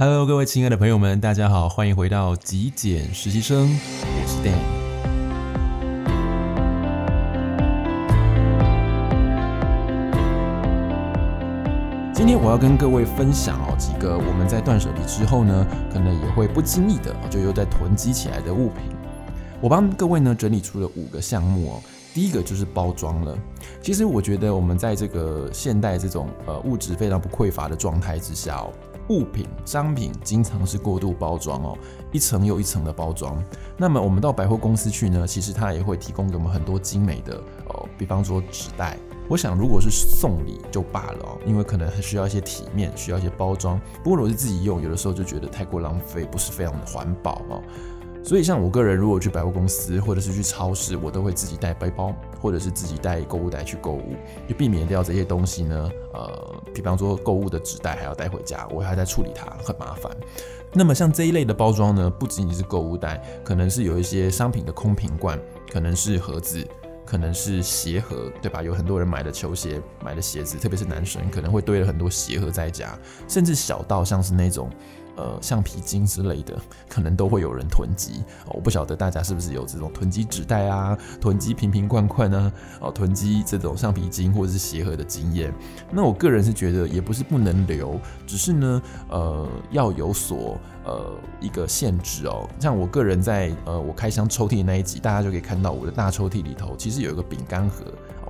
Hello，各位親愛的朋友們，大家好，歡迎回到極簡實習生，我是 Dan。今天我要跟各位分享哦幾個我們在斷舍離之後呢，可能也會不經意的就又在囤積起來的物品。我幫各位呢整理出了五個項目哦。第一個就是包裝了。其實我覺得我們在這個現代這種呃物質非常不匱乏的狀態之下哦。物品、商品經常是過度包裝哦，一層又一層的包裝。那麼我們到百貨公司去呢，其實它也會提供給我們很多精美的哦，比方說紙袋。我想如果是送禮就罷了哦，因為可能還需要一些體面，需要一些包裝。不過如果是自己用，有的時候就覺得太過浪費，不是非常的環保哦。所以，像我個人如果去百貨公司或者是去超市，我都會自己帶背包，或者是自己帶購物袋去購物，就避免掉這些東西呢。呃，比方說購物的紙袋還要帶回家，我還在處理它，很麻煩。那麼像這一類的包裝呢，不僅僅是購物袋，可能是有一些商品的空瓶罐，可能是盒子，可能是鞋盒，對吧？有很多人買的球鞋，買的鞋子，特別是男生可能會堆了很多鞋盒在家，甚至小到像是那種。呃，橡皮筋之類的，可能都會有人囤積，哦，我不曉得大家是不是有這種囤積紙袋啊、囤積瓶瓶罐罐呢、啊？哦，囤積這種橡皮筋或者是鞋盒的經驗。那我個人是覺得也不是不能留，只是呢，呃，要有所呃一個限制哦。像我個人在呃我開箱抽屜的那一集，大家就可以看到我的大抽屜裡頭其實有一個餅乾盒。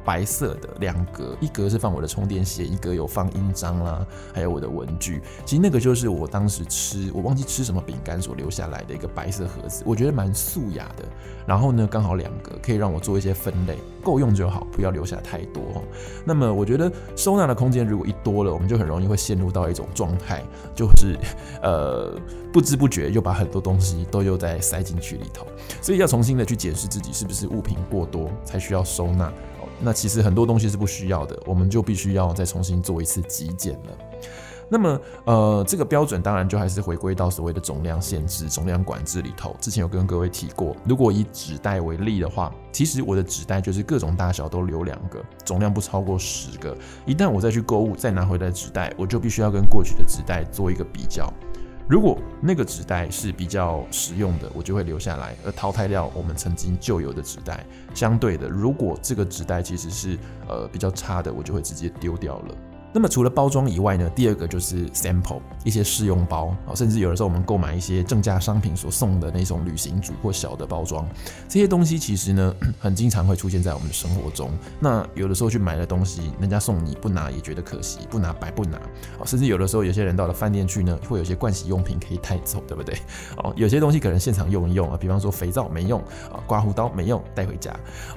白色的兩格，一格是放我的充電線，一格有放印章啦、啊，還有我的文具。其實那個就是我當時吃我忘記吃什麼餅乾所留下來的一個白色盒子，我覺得蠻素雅的。然後呢，剛好兩格可以讓我做一些分類，夠用就好，不要留下太多。那麼我覺得收納的空間如果一多了，我們就很容易會陷入到一種狀態，就是呃不知不覺又把很多東西都又再塞進去裡頭，所以要重新的去檢視自己是不是物品過多才需要收納。那其實很多東西是不需要的，我們就必須要再重新做一次極簡了。那麼，呃，這個標準當然就還是回歸到所謂的總量限制、總量管制裡頭。之前有跟各位提過，如果以紙袋為例的話，其實我的紙袋就是各種大小都留兩個，總量不超過十個。一旦我再去購物，再拿回來紙袋，我就必須要跟過去的紙袋做一個比較。如果那個紙袋是比較實用的，我就會留下來，而淘汰掉我們曾經舊有的紙袋。相對的，如果這個紙袋其實是，呃，比較差的，我就會直接丟掉了。那麼除了包裝以外呢，第二個就是 sample 一些試用包，甚至有的時候我們購買一些正價商品所送的那種旅行組或小的包裝，這些東西其實呢，很經常會出現在我們的生活中。那有的時候去買的東西，人家送你不拿也覺得可惜，不拿白不拿，甚至有的時候有些人到了飯店去呢，會有些盥洗用品可以帶走，對不對？哦，有些東西可能現場用一用啊，比方說肥皂沒用，刮鬍刀沒用，帶回家。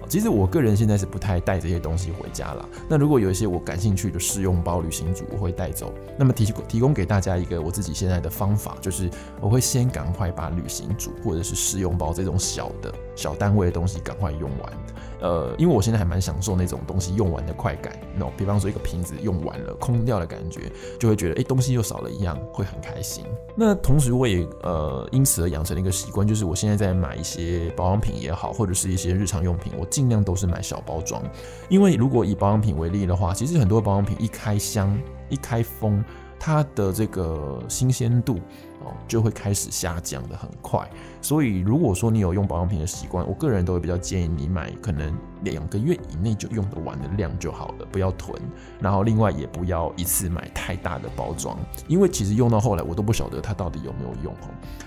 其實我個人現在是不太帶這些東西回家了。那如果有一些我感興趣的試用，包旅行組我會帶走，那麼提供提供給大家一個我自己現在的方法，就是我會先趕快把旅行組或者是試用包這種小的。小單位的東西趕快用完，呃，因為我現在還蠻享受那種東西用完的快感，那比方說一個瓶子用完了空掉的感覺，就會覺得，哎，東西又少了一樣，會很開心。那同時我也，呃，因此而養成了一個習慣，就是我現在在買一些保養品也好，或者是一些日常用品，我盡量都是買小包裝，因為如果以保養品為例的話，其實很多保養品一開箱，一開封，它的這個新鮮度哦，就會開始下降的很快，所以如果說你有用保養品的習慣，我個人都會比較建議你買可能，兩個月以內就用得完的量就好了，不要囤。然後另外也不要一次買太大的包裝，因為其實用到後來我都不曉得它到底有沒有用。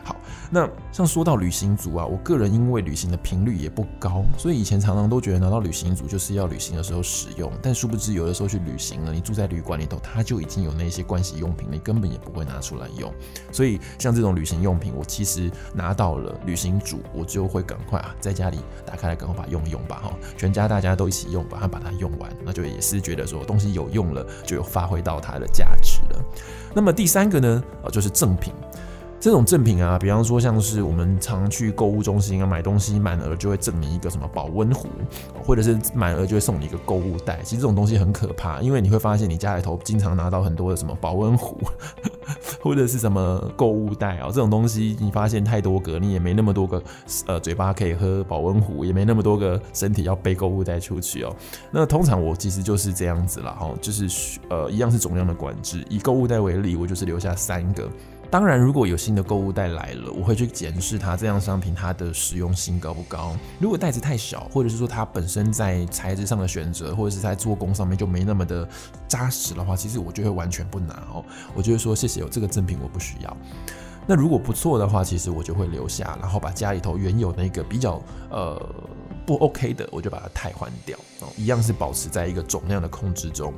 好，那像說到旅行組啊，我個人因為旅行的頻率也不高，所以以前常常都覺得拿到旅行組就是要旅行的時候使用，但殊不知有的時候去旅行了，你住在旅館裡頭，它就已經有那些盥洗用品，你根本也不會拿出來用。所以像這種旅行用品，我其實拿到了旅行組，我就會趕快啊在家裡打開來，趕快把它用一用吧哈。全家大家都一起用，把它把它用完，那就也是覺得說東西有用了，就有發揮到它的價值了。那麼第三個呢，啊，就是贈品。這種贈品啊，比方說像是我們常去購物中心啊買東西，滿額就會贈你一個什麼保溫壺，或者是滿額就會送你一個購物袋。其實這種東西很可怕，因為你會發現你家裡頭經常拿到很多的什麼保溫壺，或者是什麼購物袋哦。這種東西你發現太多個，你也沒那麼多個呃嘴巴可以喝保溫壺，也沒那麼多個身體要背購物袋出去哦。那通常我其實就是這樣子了哈，就是呃一樣是總量的管制。以購物袋為例，我就是留下三個。當然，如果有新的購物袋來了，我會去檢視它，這樣商品它的實用性高不高。如果袋子太小，或者是說它本身在材質上的選擇，或者是在做工上面就沒那麼的紮實的話，其實我就會完全不拿哦。我就會說謝謝，有這個贈品我不需要。那如果不錯的話，其實我就會留下，然後把家裡頭原有那個比較呃不 OK 的，我就把它汰換掉哦，一樣是保持在一個總量的控制中。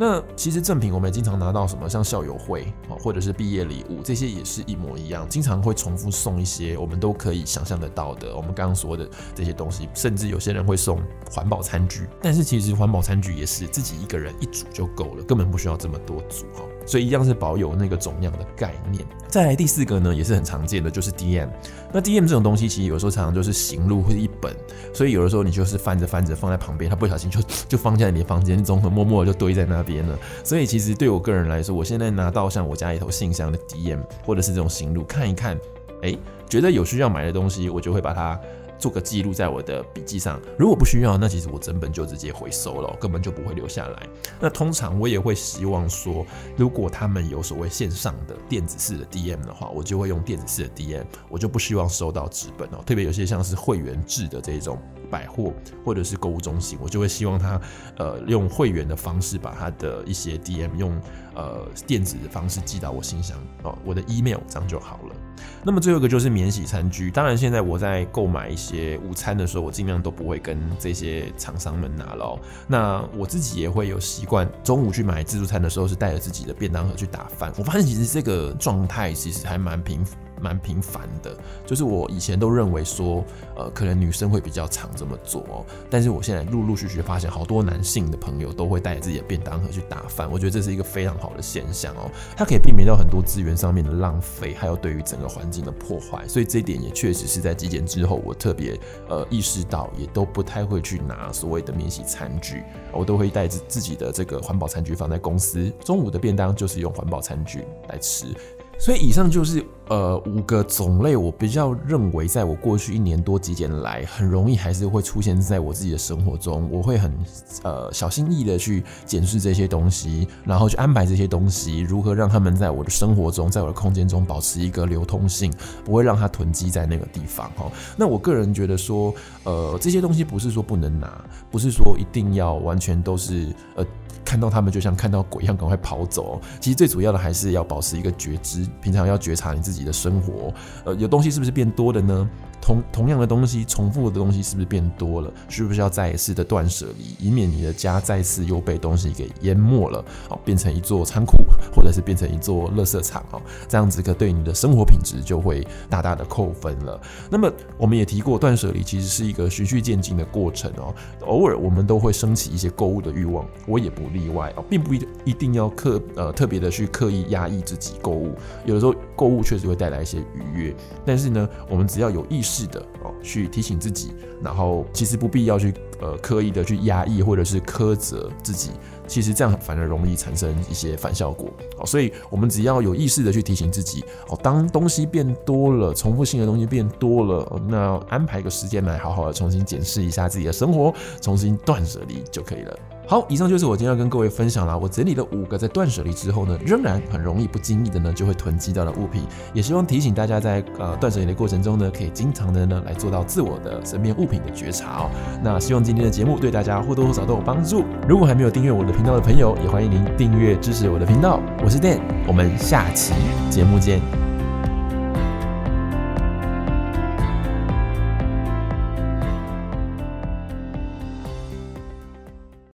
那其實贈品我們也經常拿到什麼，像校友會啊，或者是畢業禮物，這些也是一模一樣，經常會重複送一些我們都可以想象得到的，我們剛剛說的這些東西，甚至有些人會送環保餐具，但是其實環保餐具也是自己一個人一組就夠了，根本不需要這麼多組所以一樣是保有那個總量的概念。再來第四個呢，也是很常見的，就是 DM。那 DM 這種東西，其實有時候常常就是型錄或者一本，所以有的時候你就是翻着翻着，放在旁邊，它不小心就就放在你的房間中，默默的就堆在那邊了。所以其實對我個人來說，我現在拿到像我家裡頭信箱的 DM，或者是這種型錄，看一看，哎、欸，覺得有需要買的東西，我就會把它。做個記錄在我的筆記上。如果不需要，那其實我整本就直接回收了，根本就不會留下來。那通常我也會希望說，如果他們有所謂線上的電子式的 DM 的話，我就會用電子式的 DM，我就不希望收到紙本哦。特別有些像是會員制的這種百貨或者是購物中心，我就會希望他呃用會員的方式把他的一些 DM 用呃電子的方式寄到我信箱哦，我的 email 這樣就好了。那麼最後一個就是免洗餐具。當然，現在我在購買一些午餐的時候，我盡量都不會跟這些廠商們拿咯。那我自己也會有習慣，中午去買自助餐的時候是帶着自己的便當盒去打飯。我發現其實這個狀態其實還蠻平。蠻頻繁的，就是我以前都認為說，呃，可能女生會比較常這麼做哦。但是我現在陸陸續續發現，好多男性的朋友都會帶自己的便當盒去打飯。我覺得這是一個非常好的現象哦，它可以避免到很多資源上面的浪費，還有對於整個環境的破壞。所以這一點也確實是在極簡之後，我特別呃意識到，也都不太會去拿所謂的免洗餐具，我都會帶着自己的這個環保餐具放在公司，中午的便當就是用環保餐具來吃。所以以上就是。呃，五個種類，我比較認為，在我過去一年多幾點來，很容易還是會出現在我自己的生活中。我會很呃小心翼翼的去檢視這些東西，然後去安排這些東西，如何讓他們在我的生活中，在我的空間中保持一個流通性，不會讓它囤積在那個地方。哦，那我個人覺得說，呃，這些東西不是說不能拿，不是說一定要完全都是呃看到他們就像看到鬼一樣趕快跑走。其實最主要的還是要保持一個覺知，平常要覺察你自己。你的生活，呃，有東西是不是變多了呢？同同樣的東西，重複的東西是不是變多了？需不需要再一次的斷捨離，以免你的家再次又被東西給淹沒了？哦，變成一座倉庫，或者是變成一座垃圾場哦，這樣子可對你的生活品質就會大大的扣分了。那麼我們也提過，斷捨離其實是一個循序漸進的過程哦。偶爾我們都會升起一些購物的欲望，我也不例外哦，並不一定一定要刻呃特別的去刻意壓抑自己購物。有的時候購物確實會帶來一些愉悅，但是呢，我們只要有意識。是的，哦，去提醒自己，然後其實不必要去呃刻意的去壓抑或者是苛責自己，其實這樣反而容易產生一些反效果，好，所以我們只要有意識的去提醒自己，哦，當東西變多了，重複性的東西變多了，那安排一個時間來好好的重新檢視一下自己的生活，重新斷捨離就可以了。好，以上就是我今天要跟各位分享了。我整理了五個在斷捨離之後呢，仍然很容易不經意的呢就會囤積到的物品，也希望提醒大家在呃斷捨離的過程中呢，可以經常的呢來做到自我的身邊物品的覺察哦。那希望今天的節目對大家或多或少都有幫助。如果還沒有訂閱我的頻道的朋友，也歡迎您訂閱支持我的頻道。我是 Dan，我們下期節目見。